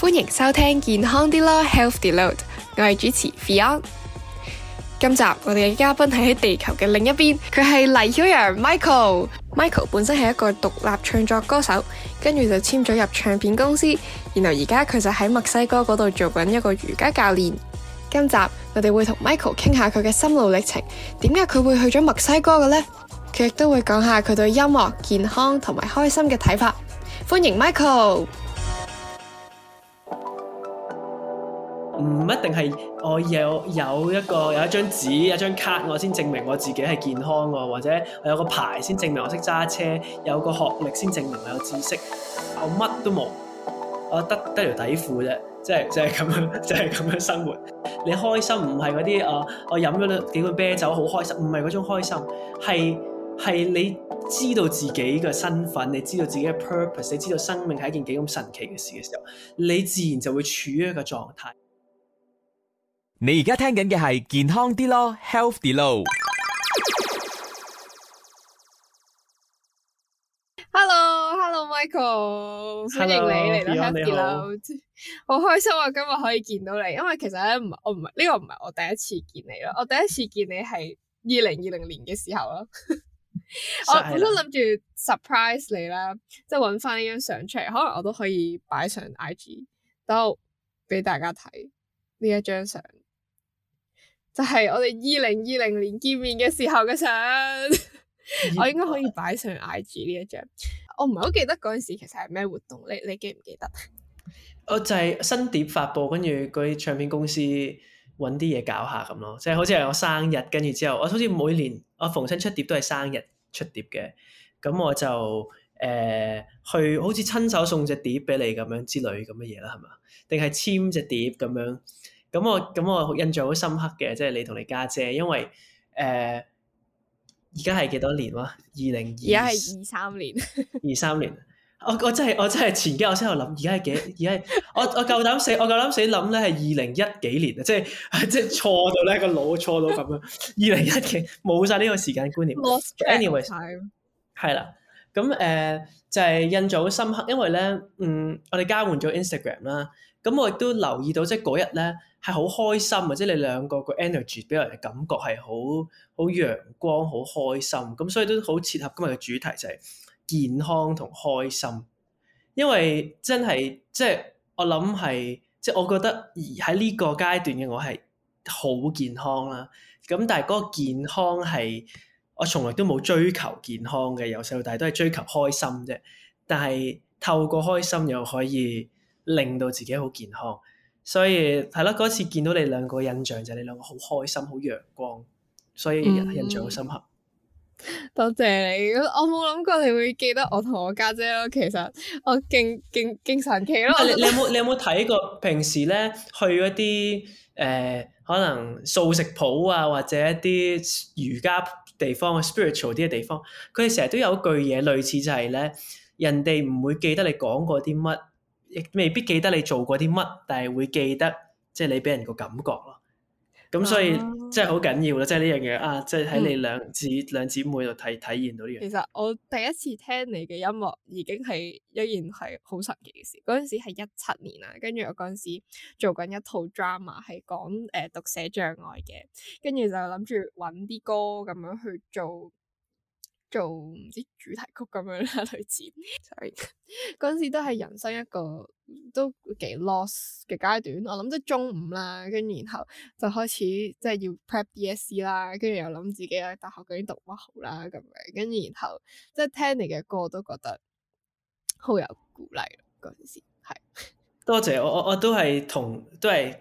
歡迎收聽健康啲咯，Health Deload。我係主持 Fion。今集我哋嘅嘉賓係喺地球嘅另一邊，佢係黎曉陽 Michael。Michael 本身係一個獨立唱作歌手，跟住就簽咗入唱片公司，然後而家佢就喺墨西哥嗰度做緊一個瑜伽教練。今集我哋會同 Michael 傾下佢嘅心路歷程，點解佢會去咗墨西哥嘅呢？佢亦都會講下佢對音樂、健康同埋開心嘅睇法。歡迎 Michael。唔一定係我有有一個有一張紙有一張卡，我先證明我自己係健康喎。或者我有個牌先證明我識揸車，有個學歷先證明我有知識。我乜都冇，我得得條底褲啫，即係即係咁樣，即係咁樣生活。你開心唔係嗰啲啊？我飲咗幾罐啤酒好開心，唔係嗰種開心，係係你知道自己嘅身份，你知道自己嘅 purpose，你知道生命係一件幾咁神奇嘅事嘅時候，你自然就會處於一個狀態。你而家聽緊嘅係健康啲咯，healthy 啲路。Hello，Hello，Michael，Hello, 歡迎你嚟 Hello, 到 healthy 啲路，好開心啊！今日可以見到你，因為其實咧唔係我唔係呢個唔係我第一次見你咯，我第一次見你係二零二零年嘅時候咯。我本身諗住 surprise 你啦，即係揾翻呢張相出嚟，可能我都可以擺上 IG，都俾大家睇呢一張相。就係我哋二零二零年見面嘅時候嘅相，我應該可以擺上 IG 呢一張。我唔係好記得嗰陣時其實係咩活動，你你記唔記得？我就係新碟發佈，跟住嗰啲唱片公司揾啲嘢搞下咁咯，即係好似係我生日，跟住之後我好似每年我逢親出碟都係生日出碟嘅。咁我就誒、呃、去好似親手送隻碟俾你咁樣之類咁嘅嘢啦，係嘛？定係簽隻碟咁樣？咁我咁我印象好深刻嘅，即係你同你家姐，因為誒而家係幾多年啦？二零二而家係二三年，二三年， 年。我我真係我真係前幾日我先喺度諗，而家係幾而家我夠膽 我夠膽死，我夠膽死諗咧係二零一幾年啊！即係即係錯到咧 個腦錯到咁樣。二零一幾冇晒呢個時間觀念。Anyway，係啦。咁誒就係印象好深刻，因為咧，嗯，我哋交換咗 Instagram 啦。咁我亦都留意到，即係嗰日咧，係好開心，或者你兩個個 energy 俾人嘅感覺係好好陽光、好開心。咁所以都好切合今日嘅主題，就係健康同開心。因為真係，即係我諗係，即係我覺得而喺呢個階段嘅我係好健康啦。咁但係嗰個健康係我從來都冇追求健康嘅，由細到大都係追求開心啫。但係透過開心又可以令到自己好健康，所以係啦。嗰次見到你兩個印象就係你兩個好開心、好陽光，所以印象好深刻。多、嗯、謝，謝你，我冇諗過你會記得我同我家姐咯。其實我勁勁神奇咯你。 你有冇你有冇睇過平時咧去嗰啲誒可能素食鋪啊，或者一啲瑜伽地方啊、spiritual 啲嘅地方，佢哋成日都有句嘢，類似就係咧，人哋唔會記得你講過啲乜。亦未必記得你做過啲乜，但係會記得即係、即係、你俾人個感覺咯。咁所以即係好緊要啦，即係呢樣嘢啊！即係喺你兩姊、嗯、兩姊妹度體體驗到呢、呢、樣、個。其實我第一次聽你嘅音樂已經係一件係好神奇嘅事。嗰陣時係一七年啊，跟住我嗰陣時做緊一套 drama 係講誒、呃、讀寫障礙嘅，跟住就諗住揾啲歌咁樣去做。做唔知主題曲咁樣啦，類似所以嗰時都係人生一個都幾 lost 嘅階段。我諗即係中五啦，跟住然後就開始即係、就是、要 prep D S E 啦，跟住又諗自己喺大學嗰啲讀乜好啦，咁樣跟住然後即係、就是、聽你嘅歌都覺得好有鼓勵嗰陣時係多謝我，我我都係同都係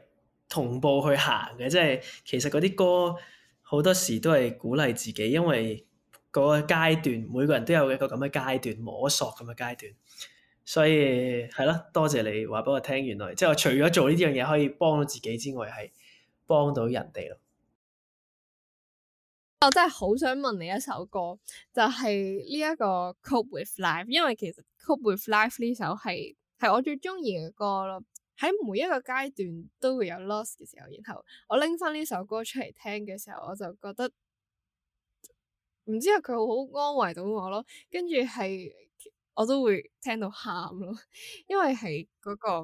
同步去行嘅，即、就、係、是、其實嗰啲歌好多時都係鼓勵自己，因為。個階段，每個人都有一個咁嘅階段，摸索咁嘅階段，所以係咯，多謝你話俾我聽，原來即係我除咗做呢啲樣嘢可以幫到自己之外，係幫到人哋咯。我真係好想問你一首歌，就係呢一個《Cope With Life》，因為其實《Cope With Life》呢首係係我最中意嘅歌咯。喺每一個階段都會有 loss 嘅時候，然後我拎翻呢首歌出嚟聽嘅時候，我就覺得。唔知啊，佢好安慰到我咯，跟住係我都會聽到喊咯，因為係嗰、那個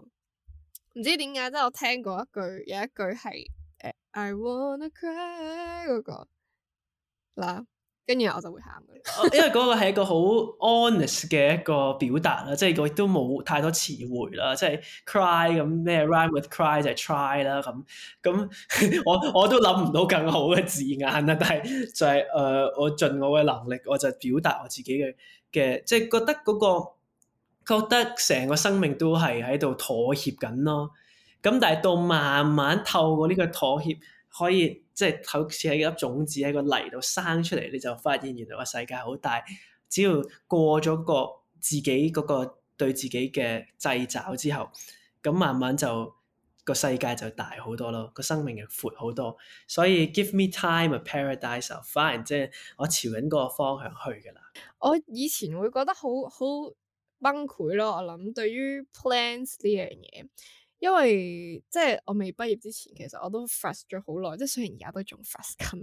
唔知點解，即係我聽過一句，有一句係、呃、I wanna cry 嗰、那個啦。跟住我就會喊啦。 因為嗰個係一個好 honest 嘅一個表達啦，即係佢都冇太多詞彙啦，即係 cry 咁咩 rhyme with cry 就係 try 啦咁。咁 我我都諗唔到更好嘅字眼啦，但係就係誒我盡我嘅能力，我就表達我自己嘅嘅，即係覺得嗰個覺得成個生命都係喺度妥協緊咯。咁但係到慢慢透過呢個妥協，可以。即係好似喺粒種子喺個泥度生出嚟，你就發現原來個世界好大。只要過咗個自己嗰個對自己嘅掣肘之後，咁慢慢就個世界就大好多咯，個生命亦闊好多。所以 give me time，a paradise，反而即係我朝緊嗰個方向去㗎啦。我以前會覺得好好崩潰咯，我諗對於 plans 呢樣嘢。因為即係我未畢業之前，其實我都 fast 咗好耐，即係雖然而家都仲 fast 緊，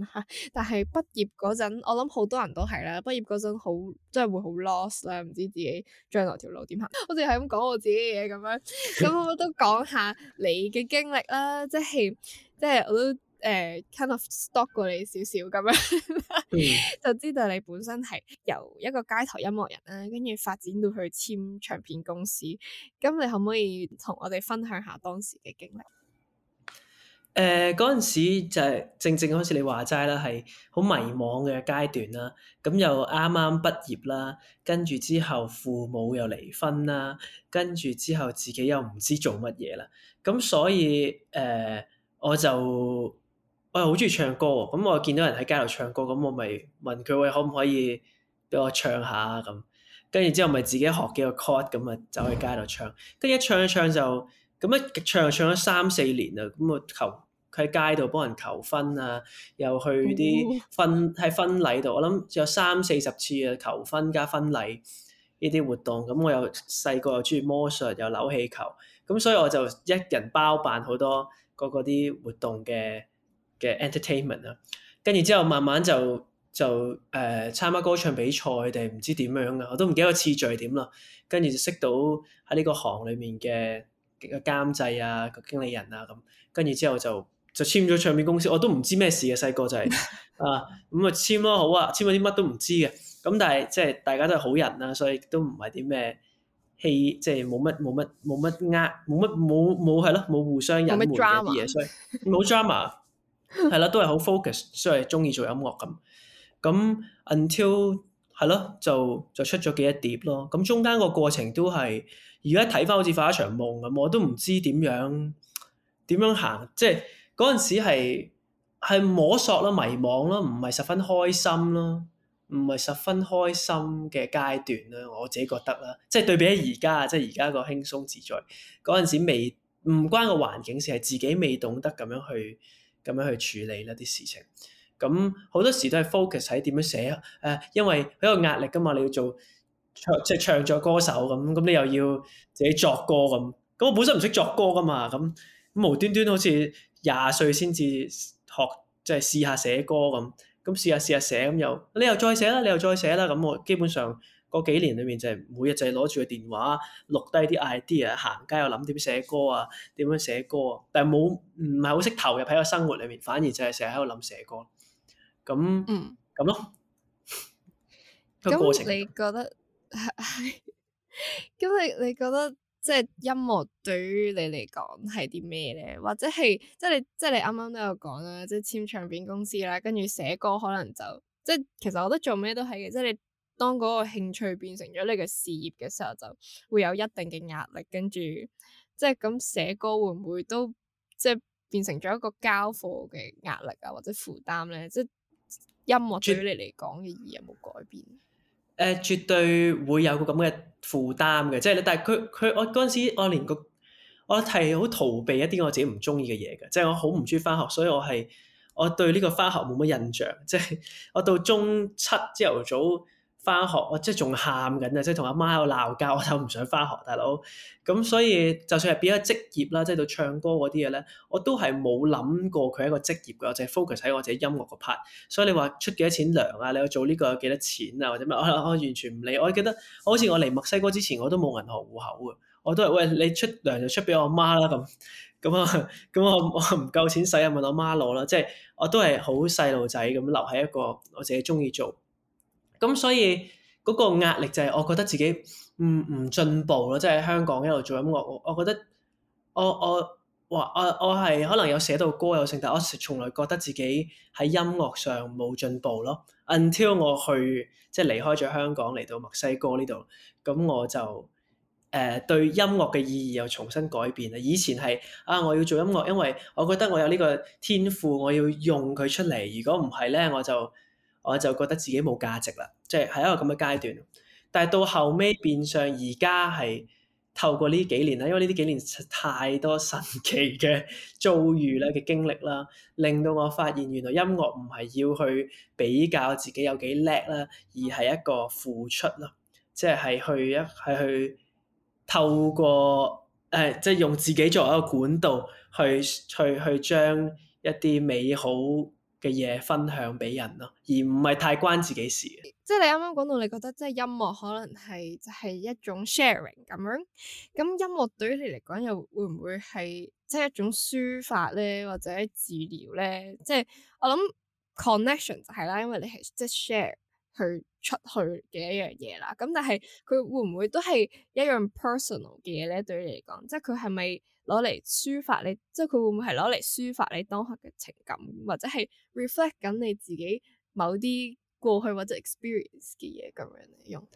但係畢業嗰陣，我諗好多人都係啦，畢業嗰陣好，即係會好 lost 啦，唔知自己將來條路點行。我哋係咁講我自己嘅嘢咁樣，咁 我都講下你嘅經歷啦，即係即係我都。誒、uh，kind of、er、bit, stalk 過你少少咁樣，就知道你本身係由一個街頭音樂人啦，跟住發展到去簽唱片公司。咁你可唔可以同我哋分享下當時嘅經歷？誒、呃，嗰陣時就係、是、正正好似你話齋啦，係好迷茫嘅階段啦。咁又啱啱畢業啦，跟住之後父母又離婚啦，跟住之後自己又唔知做乜嘢啦。咁所以誒、呃，我就～我係好中意唱歌喎，咁我見到人喺街度唱歌，咁我咪問佢喂，可唔可以俾我唱下啊？咁跟住之後咪自己學幾個 chord 咁啊，走去街度唱。跟住一唱一唱就咁一唱就唱咗三四年啦。咁我求佢喺街度幫人求婚啊，又去啲婚喺婚禮度。我諗有三四十次啊，求婚加婚禮呢啲活動。咁我又細個又中意魔術，又扭氣球，咁所以我就一人包辦好多嗰個啲活動嘅。嘅 entertainment 啊，跟住之後慢慢就就誒、呃、參加歌唱比賽定係唔知點樣啊，我都唔記得個次序點啦。跟住就識到喺呢個行裡面嘅嘅監製啊、個經理人啊咁，跟住之後就就簽咗唱片公司，我都唔知咩事嘅。細個就係、是、啊咁啊簽咯，好啊，簽咗啲乜都唔知嘅。咁但係即係大家都係好人啦、啊，所以都唔係啲咩戲，即係冇乜冇乜冇乜呃，冇乜冇冇係咯，冇互相隱瞞嘅啲嘢，所以冇 drama。 係啦， 都係好 focus，所以中意做音樂咁咁。Until 係咯，就就出咗幾一碟咯。咁中間個過程都係而家睇翻好似發一場夢咁，我都唔知點樣點樣行。即係嗰陣時係係摸索啦、迷惘啦，唔係十分開心啦，唔係十分開心嘅階段啦。我自己覺得啦，即係對比起而家即係而家個輕鬆自在嗰陣時未唔關個環境事，係自己未懂得咁樣去。咁樣去處理呢啲事情，咁好多時都係 focus 喺點樣寫誒、呃，因為好有壓力㗎嘛，你要做唱即係、就是、唱作歌手咁，咁你又要自己作歌咁，咁我本身唔識作歌㗎嘛，咁咁無端端好似廿歲先至學，即、就、係、是、試下寫歌咁，咁試下試下寫，咁又你又再寫啦，你又再寫啦，咁我基本上。嗰幾年裏面就係每日就係攞住個電話錄低啲 idea，行街又諗點寫歌啊，點樣寫歌啊，歌，但係冇唔係好識投入喺個生活裏面，反而就係成日喺度諗寫歌。咁，咁、嗯、咁咯。咁 你覺得係，咁 你你覺得即係音樂對於你嚟講係啲咩咧？或者係即係你即係、就是、你啱啱都有講啦，即、就、係、是、簽唱片公司啦，跟住寫歌可能就即係、就是、其實我覺得做咩都係嘅，即、就、係、是、你。當嗰個興趣變成咗你嘅事業嘅時候，就會有一定嘅壓力。跟住即係咁、嗯、寫歌會唔會都即係變成咗一個交貨嘅壓力啊，或者負擔咧？即係音樂對於你嚟講嘅意義有冇改變？誒、呃，絕對會有個咁嘅負擔嘅。即係你，但係佢佢我嗰陣時，我連個我係好逃避一啲我自己唔中意嘅嘢嘅。即係我好唔中意返學，所以我係我對呢個返學冇乜印象。即係我到中七朝頭早，上早上。早翻學我即係仲喊緊啊！即係同阿媽喺度鬧交，我就唔想翻學，大佬。咁所以就算係變咗職業啦，即係到唱歌嗰啲嘢咧，我都係冇諗過佢係一個職業嘅，我淨係 focus 喺我自己音樂個 part。所以你話出幾多錢糧啊？你做呢個有幾多錢啊？或者咩？我我完全唔理。我記得好似我嚟墨西哥之前我都冇銀行戶口嘅，我都係喂，你出糧就出俾我阿媽啦咁。咁啊咁啊，我唔夠錢使啊，問我媽攞啦。即係我都係好細路仔咁留喺一個我自己中意做。咁所以嗰個壓力就係我覺得自己唔唔進步咯，即係香港一路做音樂，我覺得我我哇我我係可能有寫到歌有成，但我從來覺得自己喺音樂上冇進步咯。Until 我去即係離開咗香港嚟到墨西哥呢度，咁我就誒對音樂嘅意義又重新改變啦。以前係啊，我要做音樂，因為我覺得我有呢個天賦，我要用佢出嚟。如果唔係咧，我就～我就覺得自己冇價值啦，即係係一個咁嘅階段。但係到後尾變相，而家係透過呢幾年啦，因為呢啲幾年太多神奇嘅遭遇啦嘅經歷啦，令到我發現原來音樂唔係要去比較自己有幾叻啦，而係一個付出咯，即係係去一係去透過誒，即係用自己作為一個管道去去去將一啲美好嘅嘢分享俾人咯，而唔係太關自己事，即係你啱啱講到，你覺得即係音樂可能係就係、是、一種 sharing 咁樣。咁音樂對於你嚟講又會唔會係即係一種抒發咧，或者治療咧？即係我諗 connection 就係啦，因為你係即係 share。去出去嘅一樣嘢啦，咁但係佢會唔會都係一樣 personal 嘅嘢咧？對你嚟講，即係佢係咪攞嚟抒發你？即係佢會唔會係攞嚟抒發你當下嘅情感，或者係 reflect 緊你自己某啲過去或者 experience 嘅嘢咁樣嚟用？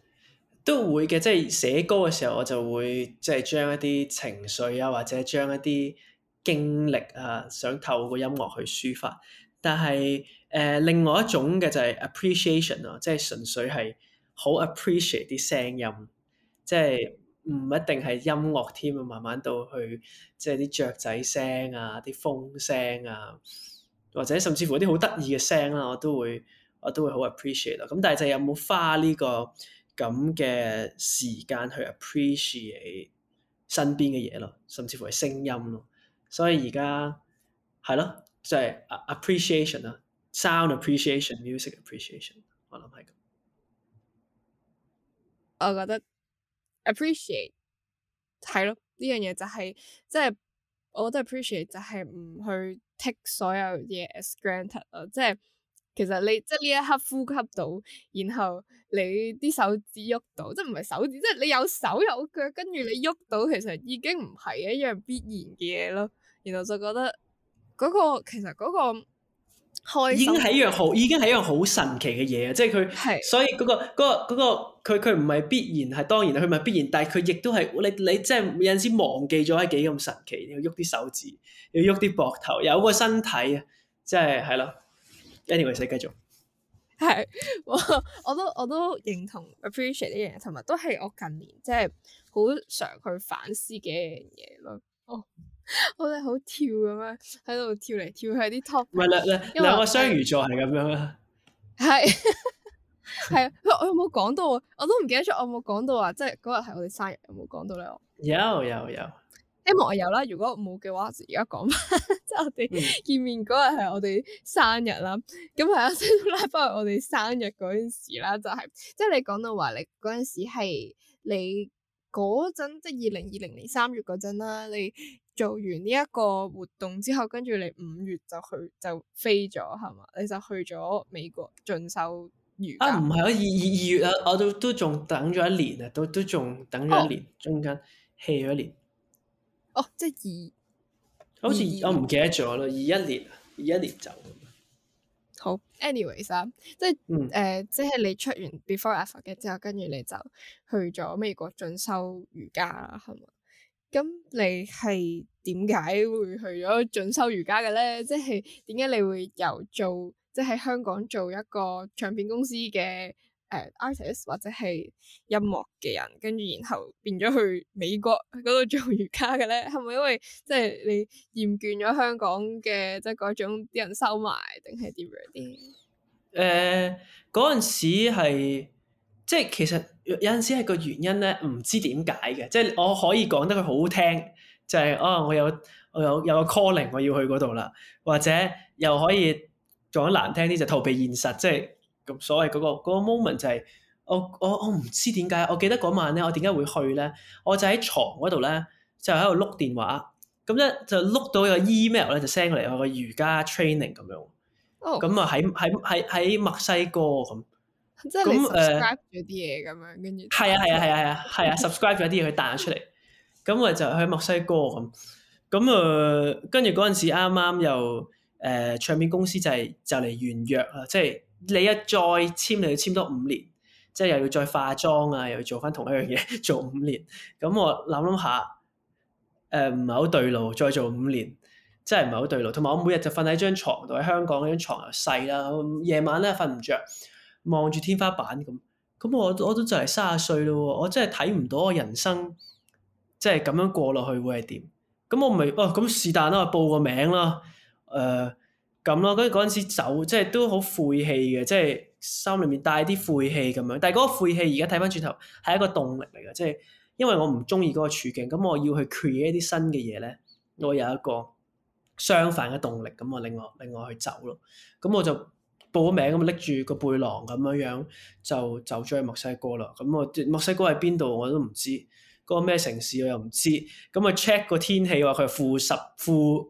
都會嘅，即係寫歌嘅時候，我就會即係將一啲情緒啊，或者將一啲經歷啊，想透過音樂去抒發。但係誒、呃、另外一種嘅就係 appreciation 咯，即係純粹係好 appreciate 啲聲音，即係唔一定係音樂添啊。慢慢到去即係啲雀仔聲啊，啲風聲啊，或者甚至乎啲好得意嘅聲啦，我都會我都會好 appreciate 咯、這個。咁但係就有冇花呢個咁嘅時間去 appreciate 身邊嘅嘢咯，甚至乎係聲音咯。所以而家係咯。即係 appreciation 啊，sound appreciation，music appreciation，我諗係咁。我覺得 appreciate 係咯呢樣嘢就係即係我覺得 appreciate 就係唔去 take 所有嘢 as granted 啊，即係其實你即係呢一刻呼吸到，然後你啲手指喐到，即係唔係手指，即係你有手有腳，跟住你喐到，其實已經唔係一樣必然嘅嘢咯，然後就覺得。嗰個其實嗰個開已經係一樣好，已經係一樣好神奇嘅嘢啊！即係佢，係，所以嗰個嗰個嗰個佢佢唔係必然係當然，佢唔係必然，但係佢亦都係你你即係有陣時忘記咗係幾咁神奇，要喐啲手指，要喐啲膊頭，有個身體啊！即係係咯，anyway，再繼續。係，我我都我都認同 appreciate 呢樣嘢，同埋都係我近年即係好常去反思嘅一樣嘢咯。 我哋好跳咁樣喺度跳嚟跳去啲 top，唔係咧咧， 因為我雙魚座係咁樣啦，係係啊，我有冇講到啊？我都唔記得咗，我有冇講到話，即係嗰日係我哋生日有冇講到咧？有有有，希望我有啦。如果冇嘅話，而家講返，即係我哋見面嗰日係我哋生日啦。咁係啊拉返我哋生日嗰陣時啦，就係即係你講到話，你嗰陣時係你。嗰陣即係二零二零年三月嗰陣啦，你做完呢一個活動之後，跟住你五月就去就飛咗係嘛？你就去咗美國進修瑜伽。啊唔係啊，二二二月啊，我都都仲等咗一年啊，都都仲等咗一年，哦、中間棄咗一年。哦，即係二，好似像二我唔記得咗啦，二一年，二一年走。好，anyways、uh, 即係誒，即係你出完 Before I Forget 之後，跟住你就去咗美國進修瑜伽啦，係嘛？咁你係點解會去咗進修瑜伽嘅咧？即係點解你會由做即係喺香港做一個唱片公司嘅？誒 artist 或者係音樂嘅人，跟住然後變咗去美國嗰度做瑜伽嘅咧，係咪因為即係、就是、你厭倦咗香港嘅、就是呃、即係嗰種啲人收埋，定係點樣啲？誒，嗰陣時係即係其實有陣時係個原因咧，唔知點解嘅，即係我可以講得佢好聽，就係、是、啊我有我有有個 calling 我要去嗰度啦，或者又可以講難聽啲就逃避現實，即係。咁所謂嗰個 moment 就係、是、我我我唔知點解，我記得嗰晚咧，我點解會去咧？我就喺床嗰度咧，就喺度碌電話，咁咧就碌到一個 email 咧，就 send 嚟我個瑜伽 training 咁樣。咁啊喺喺喺喺墨西哥咁。即係咁 subscribe 咗啲嘢咁樣，跟住。係、嗯嗯、啊係啊係啊係啊係啊！subscribe 咗啲嘢佢彈咗出嚟，咁咪、 嗯、就喺墨西哥咁。咁啊，跟住嗰陣時啱啱又誒唱片公司就係、是、就嚟完約啦，即係。你一再簽，你要簽多五年，即係又要再化妝啊，又要做翻同一樣嘢做五年。咁、嗯、我諗諗下，誒唔係好對路，再做五年真係唔係好對路。同埋我每日就瞓喺張床度，喺香港張床又細啦。夜、嗯、晚咧瞓唔着，望住天花板咁。咁我、嗯嗯、我都就嚟卅歲啦，我真係睇唔到我人生，即係咁樣過落去會係點？咁、嗯、我咪哦咁是但啦，我報個名啦，誒、呃。咁咯，跟住嗰陣時走，即係都好晦氣嘅，即係心裏面帶啲晦氣咁樣。但係嗰個晦氣而家睇翻轉頭係一個動力嚟嘅。即係因為我唔中意嗰個處境，咁我要去 create 啲新嘅嘢咧，我有一個相反嘅動力，咁我另外另外去走咯。咁我就報咗名咁啊，拎住個背囊咁樣樣就走咗去墨西哥啦。咁我墨西哥喺邊度我都唔知，嗰、那個咩城市我又唔知。咁啊 check 個天氣話佢係負十負。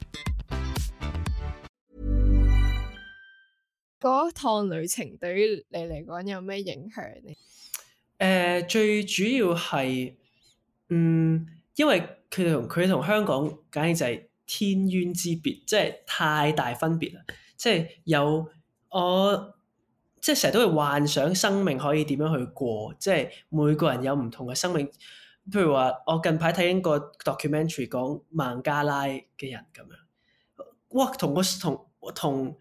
嗰趟旅程對於你嚟講有咩影響咧？誒、呃，最主要係，嗯，因為佢同佢同香港簡直，梗係就係天淵之別，即係太大分別啦。即係有我，即係成日都會幻想生命可以點樣去過，即係每個人有唔同嘅生命。譬如話，我近排睇緊個 documentary 講孟加拉嘅人咁樣，哇，同個同同。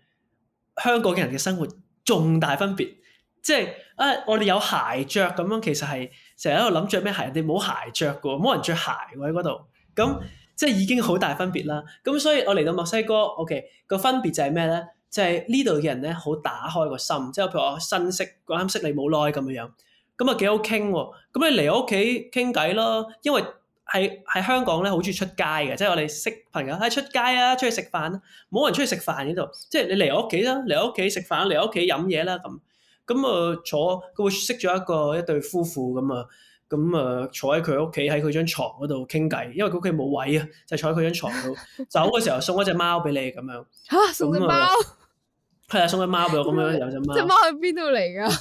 香港嘅人嘅生活重大分別，即係啊、哎，我哋有鞋着咁樣，其實係成日喺度諗着咩鞋，人哋冇鞋着嘅喎，冇人着鞋喎喺嗰度，咁、嗯、即係已經好大分別啦。咁所以我嚟到墨西哥，OK，個分別就係咩咧？就係呢度嘅人咧好打開個心，即係譬如我新識，啱識你冇耐咁樣樣，咁啊幾好傾喎。咁你嚟我屋企傾偈囉，因為。係喺香港咧，好中意出街嘅，即係我哋識朋友，喺出街啊，出去食飯啊，冇人出去食飯呢度，即係你嚟我屋企啦，嚟我屋企食飯嚟我屋企飲嘢啦，咁咁啊坐，佢會識咗一個一對夫婦咁啊，咁啊坐喺佢屋企喺佢張床嗰度傾偈，因為佢屋企冇位啊，就、坐喺佢張床度。 走嘅時候送一隻貓俾你咁樣，吓、 啊、送隻貓，係啊、嗯嗯嗯、送隻貓俾我，咁樣有隻貓，隻貓喺邊度嚟噶？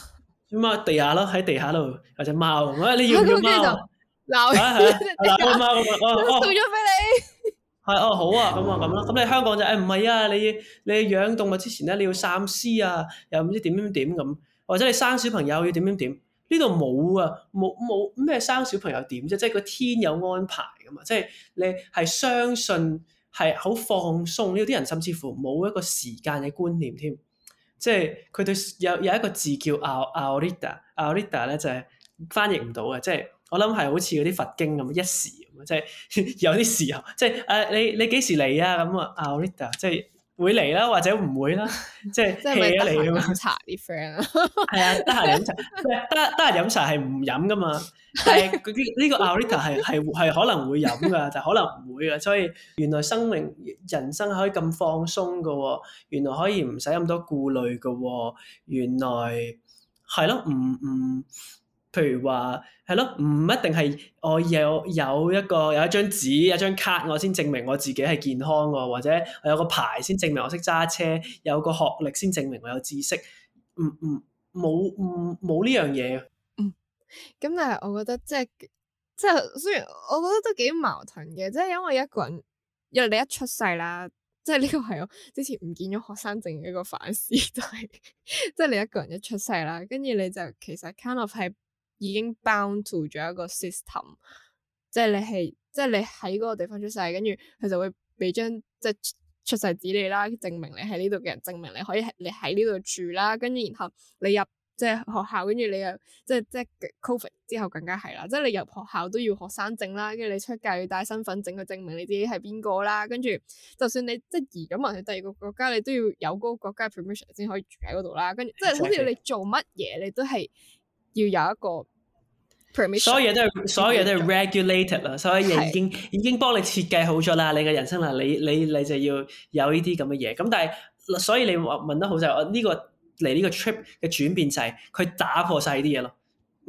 隻貓 地下咯，喺地下度有隻貓，你要唔要貓？ 嗱，嗱， 阿媽咁啊，哦，咗俾你，係哦，好啊，咁啊，咁啦，咁、嗯、你香港就誒，唔、哎、係啊，你你養動物之前咧，你要三思啊，又唔知點點點咁，或者你生小朋友要點點點，呢度冇啊，冇冇咩生小朋友點啫，即係個天有安排噶嘛，即係你係相信係好放鬆，呢啲人甚至乎冇一個時間嘅觀念添，即係佢對有有一個字叫 ahorita ahorita 咧，就係、是、翻譯唔到嘅，即係。我諗係好似嗰啲佛經咁，一時咁，即係有啲時候，即係誒你你幾時嚟啊？咁啊，阿 Oritta 即係會嚟啦啊，或者唔會啦，即係 hea 啊嚟啊嘛。飲茶啲 friend 啊，係啊，得閒飲茶， 得得閒飲茶係唔飲噶嘛？係嗰啲呢個 Oritta，係係係可能會飲噶，就可能唔會啊。所以原來生命人生可以咁放鬆噶喎，原來可以唔使咁多顧慮噶，原來係咯，唔唔。譬如話係咯，唔、嗯、一定係我、哦、有有一個有一張紙、有一張卡，我先證明我自己係健康喎；或者我有個牌先證明我識揸車，有個學歷先證明我有知識。唔唔冇唔冇呢樣嘢。嗯，咁、嗯、但係我覺得即係即係雖然我覺得都幾矛盾嘅，即係因為一個人，因為你一出世啦，即係呢個係我之前唔見咗學生證嘅一個反思就係，即係你一個人一出世啦，跟住你就其實 kind of 係。已經 bound to 咗一個 system，即係你係即係你喺嗰個地方出世，跟住佢就會俾張即係出世紙你啦，證明你喺呢度嘅人，證明你可以你喺呢度住啦。跟住然後你入即係、就是、學校，跟住你又即係、就、即、是、係、就是、COVID 之後更加係啦，即、就、係、是、你入學校都要學生證啦，跟住你出界要帶身份證去證明你自己係邊個啦。跟住就算你即係、就是、移咗民去第二個國家，你都要有嗰個國家 permission 先可以住喺嗰度啦。跟住即係好似你做乜嘢，你都係。 要有一個 permission，所有嘢都係，所有嘢都係 regulated 啦，所有嘢已經已經幫你設計好咗啦，你嘅人生啦，你你你就要有呢啲咁嘅嘢。咁但係所以你問得好就係，我呢個嚟呢個 trip 嘅轉變就係佢打破晒啲嘢咯，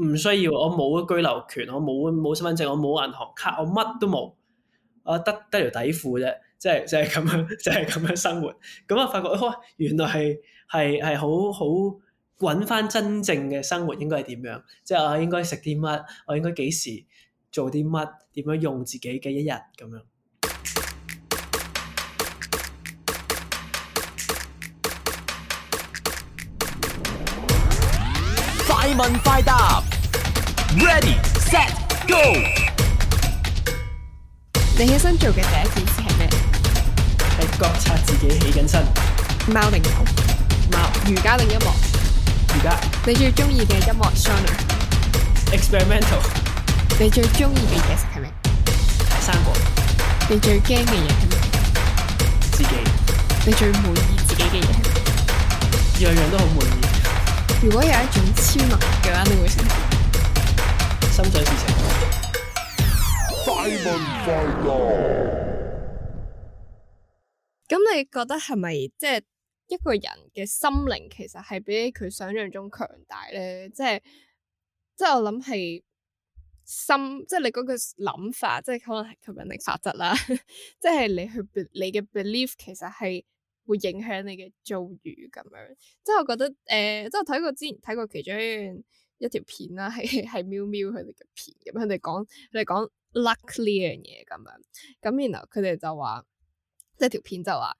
唔需要，我冇居留權，我冇冇身份證，我冇銀行卡，我乜都冇，我得得條底褲啫，即係即係咁樣即係咁樣生活。咁啊發覺，哇，原來係係係好好～揾返真正嘅生活應該係點樣？即係我應該食啲乜？我應該幾時做啲乜？點樣用自己嘅一日咁樣？快問快答！Ready, set, go！你起身做嘅第一件事係咩？係覺察自己起緊身。貓鳴同貓瑜伽嘅音樂。而家你最中意嘅音樂？Shannon，experimental。你最中意嘅嘢係咪？第三個。你最驚嘅嘢係乜？自己。你最滿意自己嘅嘢？樣樣都好滿意。如果有一種超能力嘅話，你玩啲咩先？心想事成。快問快答。咁你覺得係咪即係？一個人嘅心靈其實係比佢想像中強大咧，即係即係我諗係心，即係你嗰個諗法，即係可能係吸引力法則啦，即 係你去你嘅 belief 其實係會影響你嘅遭遇咁樣。即係我覺得，誒、呃，即係我睇過之前睇過其中一條片啦，係係喵喵佢哋嘅片咁，佢哋講佢哋講 luck 呢樣嘢咁樣。咁然後佢哋就話，即係條片就話。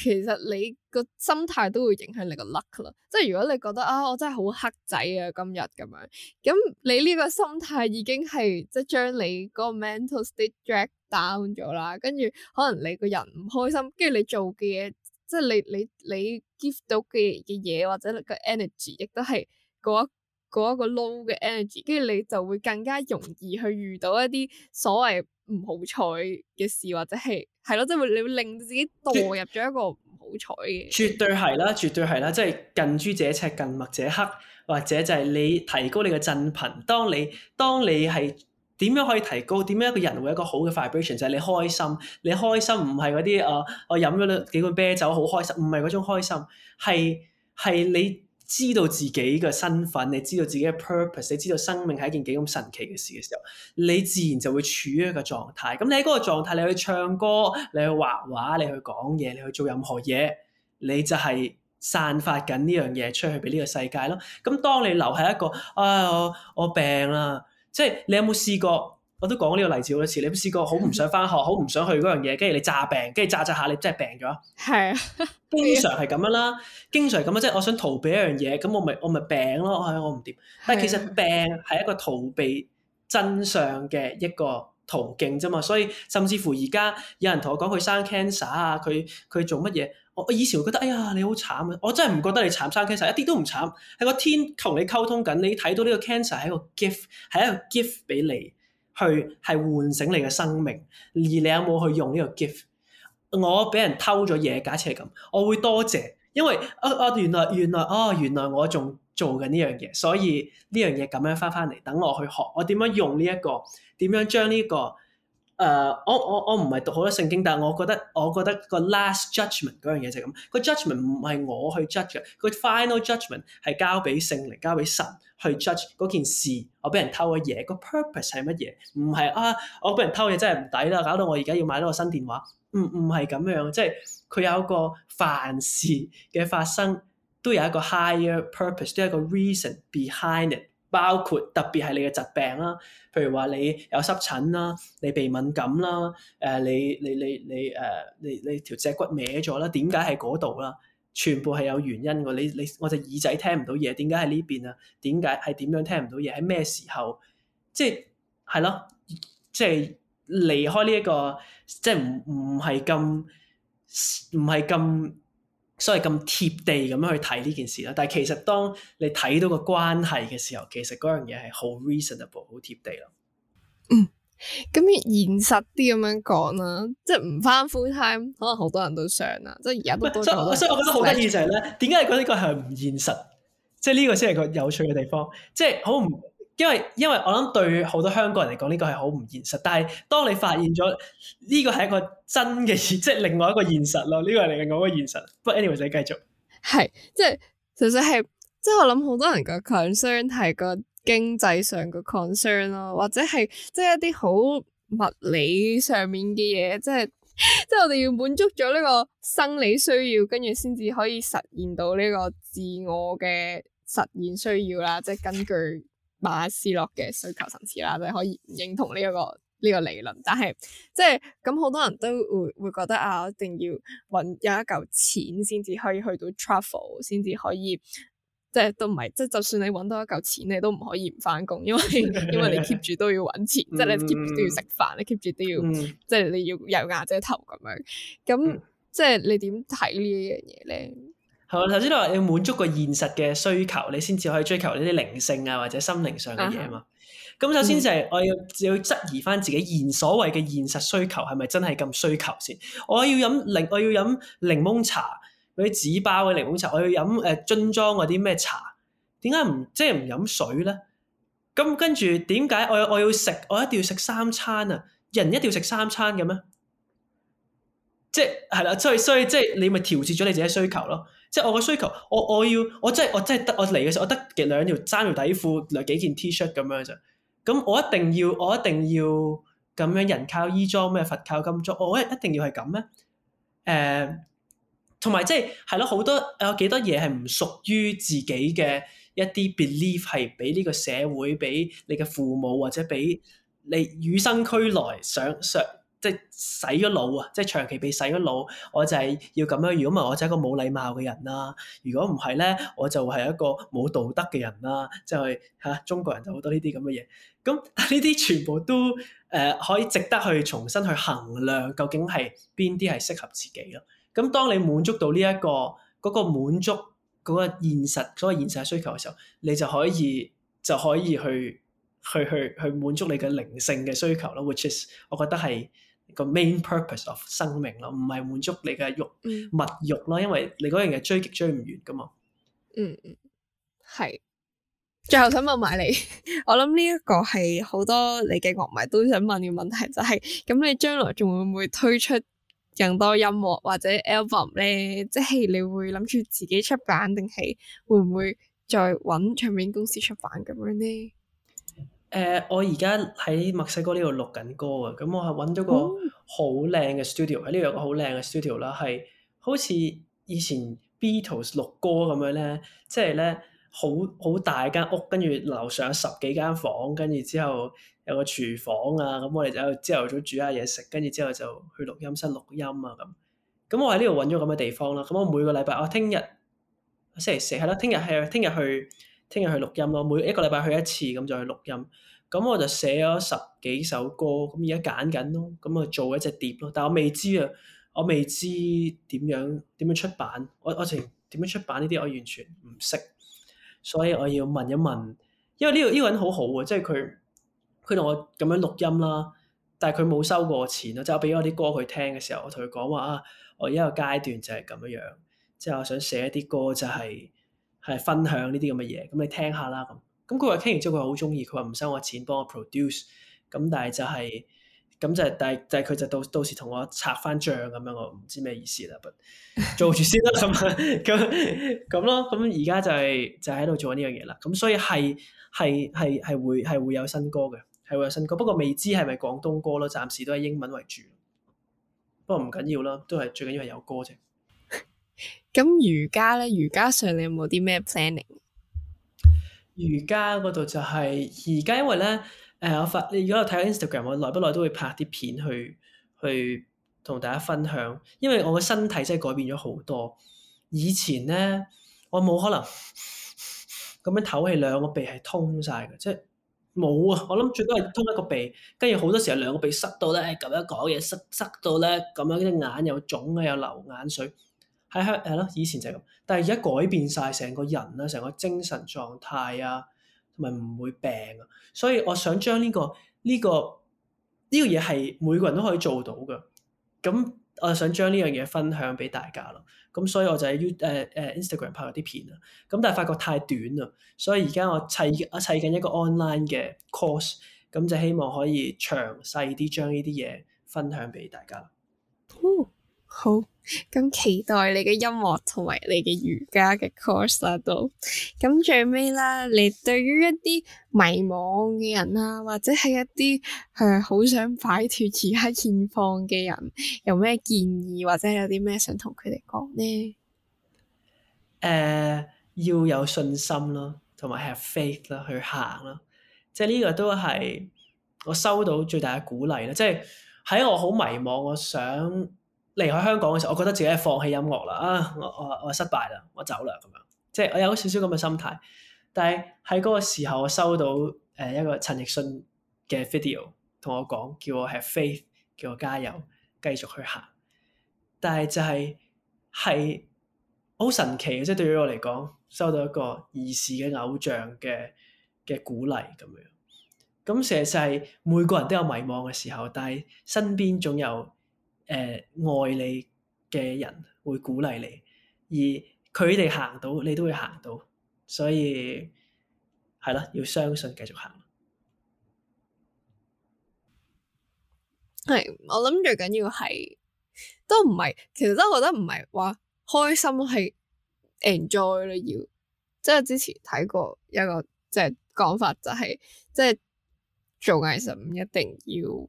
其實你個心態都會影響你個 luck 啦，即係如果你覺得啊，我真係好黑仔啊，今日咁樣，咁你呢個心態已經係即係將你嗰個 mental state drag down 咗啦，跟住可能你個人唔開心，跟住你做嘅嘢，即係你你你 give 到嘅嘅嘢或者個 energy 亦都係嗰一嗰一個 low 嘅 energy，跟住你就會更加容易去遇到一啲所謂唔好彩嘅事或者係。係咯，即係、就是、會你要令自己墮入咗一個唔好彩嘅。絕對係啦，絕對係啦，即、就、係、是、近朱者赤，近墨者黑，或者就係你提高你嘅振頻。當你當你係點樣可以提高？點樣一個人會有一個好嘅 vibration？就係你開心，你開心唔係嗰啲啊，我飲咗幾罐啤酒好開心，唔係嗰種開心，係係你。知道自己嘅身份，你知道自己嘅 purpose，你知道生命係一件幾咁神奇嘅事嘅時候，你自然就會處於一個狀態，咁你喺嗰個狀態，你去唱歌，你去畫畫，你去講嘢，你去做任何嘢，你就係散發緊呢樣嘢出去俾呢個世界咯。咁當你留喺一個啊、哎，我我病啦，即係你有冇試過？我都講呢個例子好多次。你唔試過好唔想翻學，好唔想去嗰樣嘢，跟住你詐病，跟住詐詐下，你真係病咗。係啊， 經常係咁樣啦，經常係咁啊，即係我想逃避一樣嘢，咁我咪我咪病咯。我唔掂。但係其實病係一個逃避真相嘅一個途徑啫嘛。所以甚至乎而家有人同我講佢生 cancer 啊，佢佢做乜嘢？我以前會覺得哎呀你好慘啊，我真係唔覺得你慘生 cancer，一啲都唔慘。係個天同你溝通緊，你睇到呢個 cancer 係一個 gift，係一個 gift 俾你。去係喚醒你嘅生命，而你有冇去用呢個 gift？我俾人偷咗嘢，假設係咁，我會多謝，因為啊啊、哦哦、原來原來啊原來我仲做緊呢樣嘢，所以呢樣嘢咁樣翻翻嚟，等我去學我點樣用呢一個，點樣將呢個。誒、uh，我我我唔係讀好多聖經，但係我覺得我覺得個 last judgement 嗰樣嘢就係咁，個 judgement 唔係我去 judge 嘅，個 final judgement 係交俾聖靈、交俾神去 judge 嗰件事。我俾人偷嘅嘢，個 purpose 係乜嘢？唔係啊，我俾人偷嘢真係唔抵啦，搞到我而家要買多個新電話。唔唔係咁樣，即係佢有一個凡事嘅發生都有一個 higher purpose，都有一個 reason behind it。包括特別係你嘅疾病啦，譬如話你有濕疹啦，你鼻敏感啦，誒你你你你誒你你條脊骨歪咗啦，點解喺嗰度啦？全部係有原因㗎。你你我隻耳仔聽唔到嘢，點解喺呢邊啊？點解係點樣聽唔到嘢？喺咩時候？即係係咯，即係離開呢一個，即係唔唔係咁唔係咁。所以咁貼地咁樣去睇呢件事啦，但係其實當你睇到個關係嘅時候，其實嗰樣嘢係好 reasonable、好貼地咯。嗯，咁要現實啲咁樣講啦，即係唔返 full time，可能好多人都想啦。即係而家都多咗，所以我覺得好得意就係咧，點解 你覺得呢個係唔現實？即係呢個先係個有趣嘅地方，即係好唔～因為因為我諗對好多香港人嚟講，呢個係好唔現實。但係當你發現咗呢個係一個真嘅現，即係另外一個現實咯。呢個係另外一個嗰個現實。But anyways，你繼續係即係，其實係即係我諗好多人個 concern 係個經濟上個 concern 咯，或者係即係一啲好物理上面嘅嘢，即係即係我哋要滿足咗呢個生理需要，跟住先至可以實現到呢個自我嘅實現需要啦。即係根據。馬斯洛嘅需求層次啦，你可以認同呢一個呢個理論，但係即係咁好多人都會會覺得啊，一定要揾有一嚿錢先至可以去到 travel，先至可以即係都唔係，即係就算你揾到一嚿錢，你都唔可以唔返工，因為因為你 keep 住都要揾錢， 即係你 keep 住都要食飯，你 keep 住都要 即係你要有瓦遮頭咁樣，咁 即係你點睇呢樣嘢咧？係啦，頭先都話要滿足個現實嘅需求，你先至可以追求呢啲靈性啊或者心靈上嘅嘢嘛。咁、uh huh. 首先就係我要要質疑翻自己現所謂嘅現實需求係咪真係咁需求先？我要飲檸，我要飲檸檬茶嗰啲紙包嘅檸檬茶，我要飲誒樽裝嗰啲咩茶？點解唔即係唔飲水咧？咁跟住點解我我要食？我一定要食三餐啊！人一定要食三餐嘅咩？即係係啦，所以所以即係、就是、你咪調節咗你自己需求咯。即係我個需求，我我要我真係我真係得我嚟嘅時候，我得幾兩條爭條底褲，兩幾件 T-shirt 咁樣咋。咁我一定要我一定要咁樣人靠衣裝咩？佛靠金裝，我一定要係咁咩？誒，同埋、嗯、即係係咯，好多有幾多嘢係唔屬於自己嘅一啲 belief 係俾呢個社會，俾你嘅父母，或者俾你與生俱來想上。想即係洗咗腦啊！即係長期被洗咗腦，我就係要咁樣。如果唔係，我就係一個冇禮貌嘅人啦。如果唔係咧，我就係一個冇道德嘅人啦。即係嚇、啊，中國人就好多呢啲咁嘅嘢。咁但係呢啲全部都誒、呃，可以值得去重新去衡量，究竟係邊啲係適合自己咯。咁當你滿足到呢、這、一個嗰、那個滿足嗰、那個現實所謂現實嘅需求嘅時候，你就可以就可以去去去去滿足你嘅靈性嘅需求咯。Which is 我覺得係。個 main purpose of 生命咯，唔係滿足你嘅慾物慾咯，因為你嗰樣嘢追極追唔完噶嘛。嗯嗯，係。最後想問埋你，我諗呢一個係好多你嘅樂迷都想問嘅問題、就是，就係咁你將來仲會唔會推出更多音樂或者 album 咧？即、就、係、是、你會諗住自己出版定係會唔會再揾唱片公司出版咁樣咧？誒、呃，我而家喺墨西哥呢度錄緊歌啊！咁我係揾到個好靚嘅 studio、哦，喺呢度有個好靚嘅 studio 啦，係好似以前 Beatles 錄歌咁樣咧，即係咧好好大間屋，跟住樓上有十幾間房，跟住之後有個廚房啊，咁我哋就朝頭早煮下嘢食，跟住之後就去錄音室錄音啊咁。咁我喺呢度揾咗咁嘅地方啦。咁我每個禮拜，我聽日星期四係咯，聽日係啊，聽日去。聽日去錄音咯，每一個禮拜去一次，咁就去錄音。咁我就寫咗十幾首歌，咁而家揀緊咯。咁啊做一隻碟咯。但係我未知啊，我未知點樣點樣出版。我我情點樣出版呢啲，我完全唔識。所以我要問一問，因為呢個呢個人好好喎，即係佢佢同我咁樣錄音啦。但係佢冇收過錢咯，即係我俾我啲歌佢聽嘅時候，我同佢講話啊，我而家個階段就係咁樣樣，即係我想寫一啲歌就係。係分享呢啲咁嘅嘢，咁你聽下啦咁。咁佢話聽完之後，佢好中意，佢話唔收我錢幫我 produce，咁但係就係、是、咁就係、是，但但係佢就到到時同我拆翻帳咁樣，我唔知咩意思啦。做住先啦咁，咁咁 咯。咁而家就係、是、就喺、是、度做緊呢樣嘢啦。咁所以係係係係會係會有新歌嘅，係會有新歌，不過未知係咪廣東歌咯，暫時都係英文為主。不過唔緊要啦，都係最緊要係有歌啫。咁瑜伽咧，瑜伽上你有冇啲咩 planning？瑜伽嗰度就係而家，因為咧，誒、呃，我發你如果我睇 Instagram，我耐不耐都會拍啲片去去同大家分享。因為我嘅身體真係改變咗好多。以前咧，我冇可能咁樣唞氣，兩個鼻係通晒嘅，即係冇啊。我諗最多係通一個鼻，跟住好多時候兩個鼻塞到咧，咁樣講嘢塞塞到咧，咁樣啲眼又腫啊，又流眼水。喺香誒咯，以前就係咁，但係而家改變晒成個人啦，成個精神狀態啊，同埋唔會病啊，所以我想將呢個呢個呢個嘢係每個人都可以做到嘅。咁我想將呢樣嘢分享俾大家咯。咁所以我就喺 U 誒誒 Instagram 拍咗啲片啊，咁但係發覺太短啦，所以而家我砌我砌緊一個 online 嘅 course，咁就希望可以詳細啲將呢啲嘢分享俾大家。嗯好，咁期待你嘅音樂同埋你嘅瑜伽嘅 course 啦，都咁最尾啦。你對於一啲迷茫嘅人啦，啊，或者係一啲誒好想擺脫而家現況嘅人，有咩建議或者有啲咩想同佢哋講呢？誒，uh, 要有信心咯，同埋 have faith 啦，去行啦。即係呢個都係我收到最大嘅鼓勵啦。即係喺我好迷茫，我想。離開香港嘅時候，我覺得自己係放棄音樂啦啊！我我我失敗啦，我走啦咁樣，即係我有少少咁嘅心態。但係喺嗰個時候，我收到誒一個陳奕迅嘅 video，同我講叫我 have faith，叫我加油，繼續去行。但係就係係好神奇嘅，即係對於我嚟講，收到一個兒時嘅偶像嘅嘅鼓勵咁樣。咁其實就係每個人都有迷茫嘅時候，但係身邊總有，誒、呃、愛你嘅人會鼓勵你，而佢哋行到，你都會行到，所以係咯，要相信繼續行。係，我諗最緊要係都唔係，其實都覺得唔係話開心係 enjoy 啦，要即係、就是、之前睇過一個即係講法，就係即係做藝術唔一定要。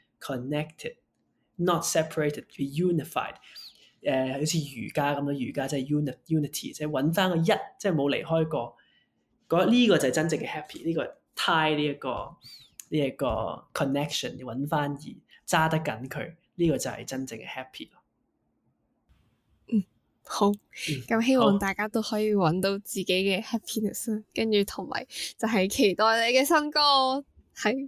Connected, not separated, be unified. 誒，好似瑜伽咁嘅，瑜伽即係 unity，即係揾翻個一，即係冇離開過。嗰、這、呢個就係真正嘅 happy，呢個 tie 呢、這、一個呢一、這個 connection，揾翻二，揸得緊佢，呢、這個就係真正嘅 happy 嗯，好。咁、嗯、希望大家都可以揾到自己嘅 happiness，跟住同好埋就係期待你嘅新歌，係。